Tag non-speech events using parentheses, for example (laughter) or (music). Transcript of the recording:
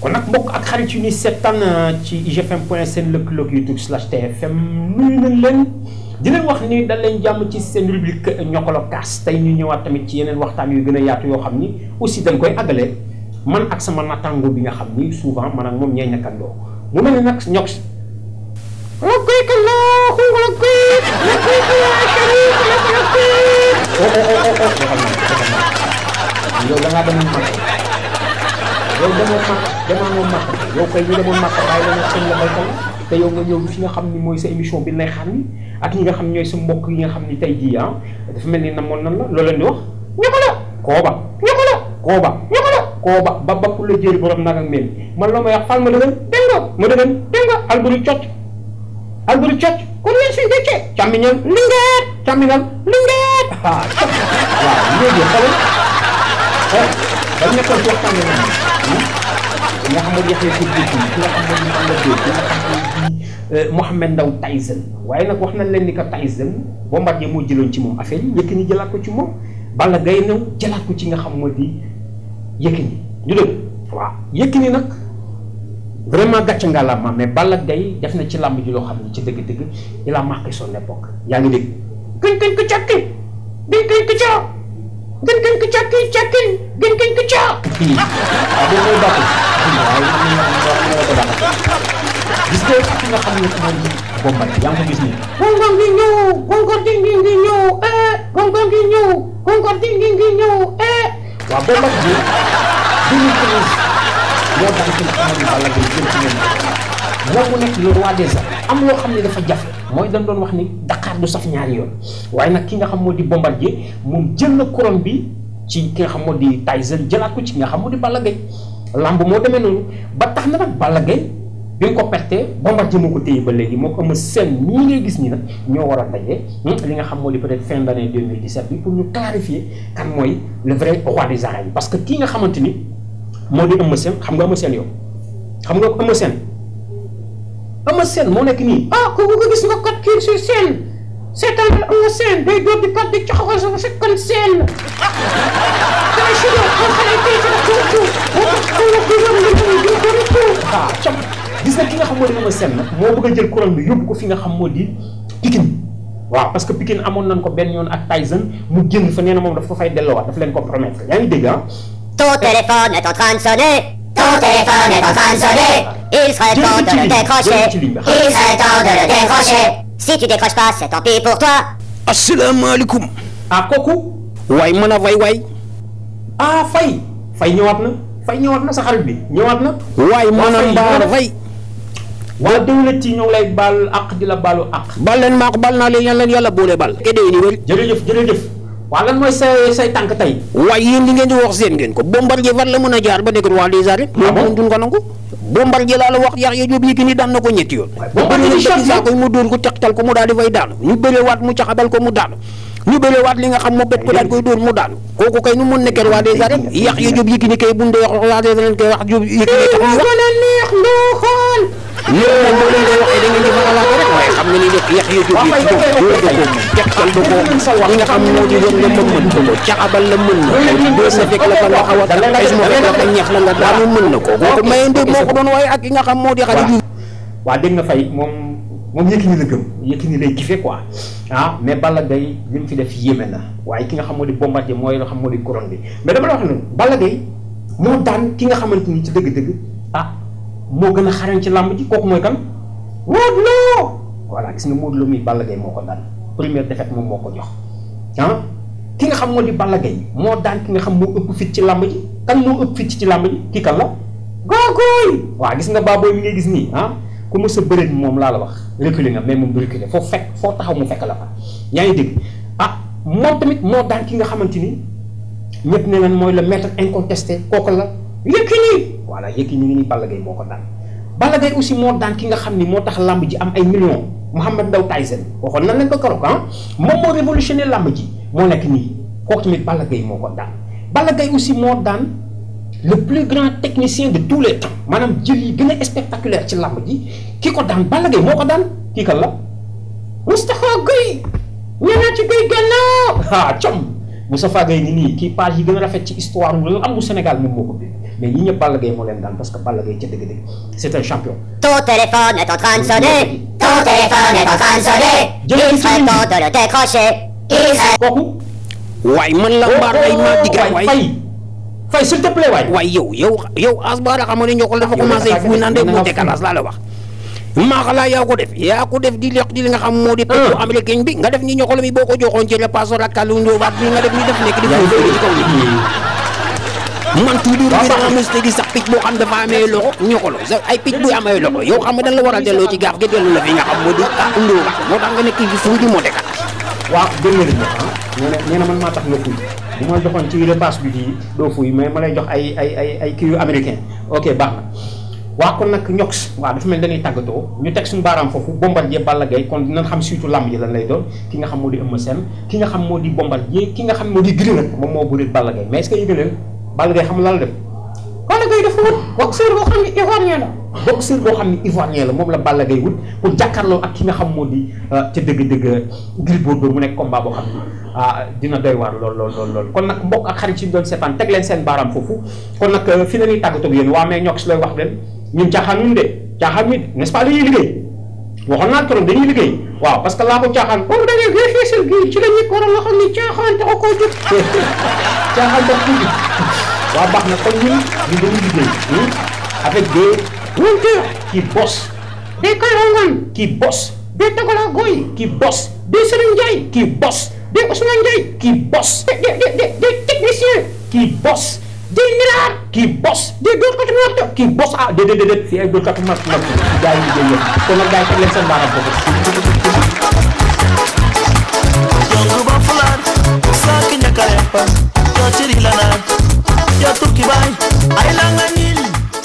kon nag mbokk ak xarit yu ni seetaan euh, ci igfm point seen lëkkaloo youtube slash tfm nuyu nañ leen di wax ni dañ leen jàmm ci seen rubrique ñokkolo kaas tey ñu ñëwaat tamit ci yeneen waxtaan yu gën a yaatu yoo xam ni aussi dañ koy àggale man ak sama nattango bi nga xam ni souvent man ak moom ñee nekkandoo mu mel ne nag ربك الله ربك لبيك لا demoon Makka yow demoon Makka demoon Makka yow kay ñu demoon Makka bàyyi la nag seen la baykat la te yow nga ñëw fi nga xam ni mooy sa émission bi lay ak ñi nga xam ñooy sa yi nga xam ni tey jii dafa mel ni namoon nan la loo leen di wax ñëpp la kooba ñëpp la kooba ñëpp la kooba ba ba la jëri borom nag ak mel man loo may wax fal ma dëgën dégg ma dëgën dégg alburi cocc Alboury Cocc kon yéen seen dëkkee càmmiñam lingeer càmmiñam lingeer waaw léegi xoolal dañ nekkoon ci waxtaan bi nga xam ne Yaxya Jóob Jóob xam ne Mouhamed Tyson waaye nag wax nañ leen ni que Tyson Bombardier moo jëloon ci moom affaire yi Yékini jëlaat ko ci moom Balla Gaye jëlaat ko ci nga xam moo di Yékini ñu dëgg waaw Yékini nag vraiment gàcce ngalaama mais Balla Gaye def na ci làmb ji loo xam ne ci dëgg-dëgg il a marqué son époque yaa ngi dégg. gën gën ko càkki gën gën ko caa gën gën ko càkki càkki gën gën ko caa. Ah, waaw boo koy bàqu. gis nga ki nga xam ne moom bomba yaa ngi ko gis nii. góorgóor gi ñëw góorgóor gi ngi ngi ñëw eh góorgóor gi ñëw góorgóor gi ngi ngi ñëw eh. waaw bomba bi 2015 boo daan ci nekk le roi des am loo xam ne dafa jafe mooy dañ doon wax ni Dakar du saf ñaari yoon waaye nag ki nga xam moo di Bombardier moom jël na couronne bi ci ki nga xam moo di Tyson jëlaat ko ci ki nga xam moo di Balla Gaye moo demee noonu ba tax na nag Balla Gaye bi nga ko perte Bombardier moo ko téye ba léegi moo ko am seen ñu ngay gis nii nag ñoo war a daje hmm, li nga xam moo di peut-être fin d'année pour ñu clarifier kan mooy le roi des arènes parce que kii nga xamante ni moo di Eumeu Sène xam nga Eumeu Sène yow xam nga Eumeu Sène Eumeu Sène moo nekk nii ah kooku nga gis nga kat kii si seen seetaan la Eumeu ki nga xam moo di Eumeu Sène nag moo bëgg a jël couronne bi yóbbu ko fi nga xam moo di Pikine waaw parce que Pikine amoon nañ ko benn yoon ak Tyson mu génn fa nee na moom dafa fay delluwaat dafa leen ko yaa ngi dégg ah? Ton téléphone est en train de sonner. Ton téléphone est en train de sonner. Il serait temps de le décrocher. Il serait temps de le décrocher. Si tu décroches pas, c'est tant pour toi. Assalamu alaikum. ah kooku. waay mën a way waay. ah Faye. Faye ñëwaat na. Faye ñëwaat na sa xarit bi ñëwaat na. waay mën a mbaar Faye. waa Dewlet ci ñoo ngi lay baal àq di la baalu àq. bal leen maa ko bal naa le yàlla yàlla boole bal. kéde yi nii wér. jërëjëf waaw lan mooy say say tànk tey. waaye yéen li ngeen di wax seen ngeen ko Bombardier fan la mën a jaar ba nekk roi ah moom duñ ko nangu. Bombardier laa la wax Yaxya Jóob Yékini daan na ko ñetti yoon. Bombardier di choc saako mu dóor ko teqtal ko mu daal di daanu ñu bëreewaat mu caxabal ko mu daanu. ñu bëreewaat li nga xam mu bet ko daal koy dóor mu daanu. kooku kay nu mu mën nekkee roi des arènes Yaxya Jóob Yékini kay bu wax wax Jóob Yékini tax yéen nag boo leen koy waxee da ngeen di fa xalaat rek waaye xam nga ni nag yàq yi jógee ci kaw wóor da koo mën da koo la mën na ko doo sa a dal la la nga daanu na ko kooku maye ndéb moo ko doon waaye ak ki nga xam moo di xale ji waa dégg nga fay moom moom Yékini la gëm Yékini lay gife quoi ah mais Balla Gaye li mu fi def yéeme na waaye ki nga xam moo di Bombardier mooy la xam moo di couronne bi mais dama la wax ne Balla Gaye moo daan ki nga xamante ni ci dëgg-dëgg ah moo gën a xarañ ci làmb ji kooku mooy kan Modou Lo gis nga Modou Lo muy Balla Gaye moo ko daan première defet moom moo ko jox ah ki nga xam moo di Balla Gaye moo daan ki nga xam moo ëpp fit ci làmb ji kan moo ëpp fit ci làmb ji kii kan la Gouye waaw gis nga baabooy mi gis nii ah ku mës a bëreet moom laa la wax reculer nga mais moom du reculer foo fekk foo taxaw mu fekk la yaa ngi dégg ah moom tamit moo daan ki nga xamante ni ñëpp ne leen mooy le maître incontesté kooku la Yékini voilà Yékini ngi ni Balla moo ko daan Balla Gaye aussi moo daan ki nga xam ni moo tax làmb ji am ay millions Mouhamed Ndao Tyson waxoon na leen ko keroog ah moom moo révolutionné làmb ji moo nekk nii kooku tamit Balla Gaye moo ko daan Balla Gaye aussi moo daan le plus grand technicien de tous les temps maanaam jël yi gën a spectaculaire ci làmb ji ki ko daan Balla moo ko daan kii kan la Moustapha Guèye ñenaa ci Guèye gannaaw ah (laughs) com Moustapha Guèye ni nii kii page yi gën a rafet ci histoire wu làmbu Sénégal moom mais ñi leen daan parce que Balla Gaye ca dëgg-dëgg c'est un champion. ton téléphone est en train de man la mbaar lay maa digal waay fay yow yow yow Asbara xam ah, nga ne Ndiokhoul dafa commencé fu naan de bu décalage laa la wax. maa xalaa yaa ko def yaa ko def di lekk di li nga xam moo di ah. pétrole américain bi nga def ni Ndiokhoul mi boo ko joxoon ci la passeport ak kàllu ndóobaat bi nga def ni def nekk di. yaa ngi man toujours bi dama mos a gis sax picc boo xam dafa amee loxo ñokolo ay picc buy amee loxo yow xam nga dañ la war a delloo ci gaaf gi dellu la fi nga xam moo di ah ndóo moo tax nga nekk ci moo ah. joxoon ci repas bi fii doo fuuy mais ma lay jox ay ay ay ay kii na waa kon nag ñox waaw dafa mel dañuy tàggatoo ñu teg suñu baaraam foofu Bombardier Balla Gaye kon dinañ xam surtout làmb ji lan lay doon ki nga xam moo di Eumeu Sène ki nga xam moo di Bombardier ki nga xam moo di Gris nag moom moo bëri Balla Gaye mais est-ce que leen Balla Gaye xam lan la def Balla Gaye dafa wut boxeur boo xam ne ivoirien la boxeur boo xam ne ivoirien la moom la Balla Gaye wut pour jàkkaarloo ak ki nga xam moo di euh, ca dëgg-dëgg Gris Bordeaux mu nekk combat boo xam ne ah dina doy waar lool lool lool kon nag mbokk ak xarit si doon seetaan teg leen seen baaraam foofu kon nag euh, fi la ñuy tàggatoo ak yéen waa mais ñoo si looy wax leen ñun caaxaan ñu de caaxaan ñu n'est-ce pas li ñuy liggéey waxoon naa trop dañuy liggéey waaw parce que laa ko caaxaan boobu da ngay ngay feesal gi ci la ñuy koral nga xam caaxaan taxu koo jóg (laughs) caaxaan tax ko jóg waaw baax na kon ñun ñu dañuy liggéey hmm? avec des menteurs qui bossent des Kayrongan qui bossent des Tagala Goy qui bossent des Serigne Ndiaye qui bossent des Ousmane Ndiaye qui bossent des des des techniciens des milliards qui bossent des dóorkatu marto qui bossent ah déedéet déedéet fii ay dóorkatu marto la gars yi liggéey yëpp kon nag gars yi teg leen seen baaraam foofu.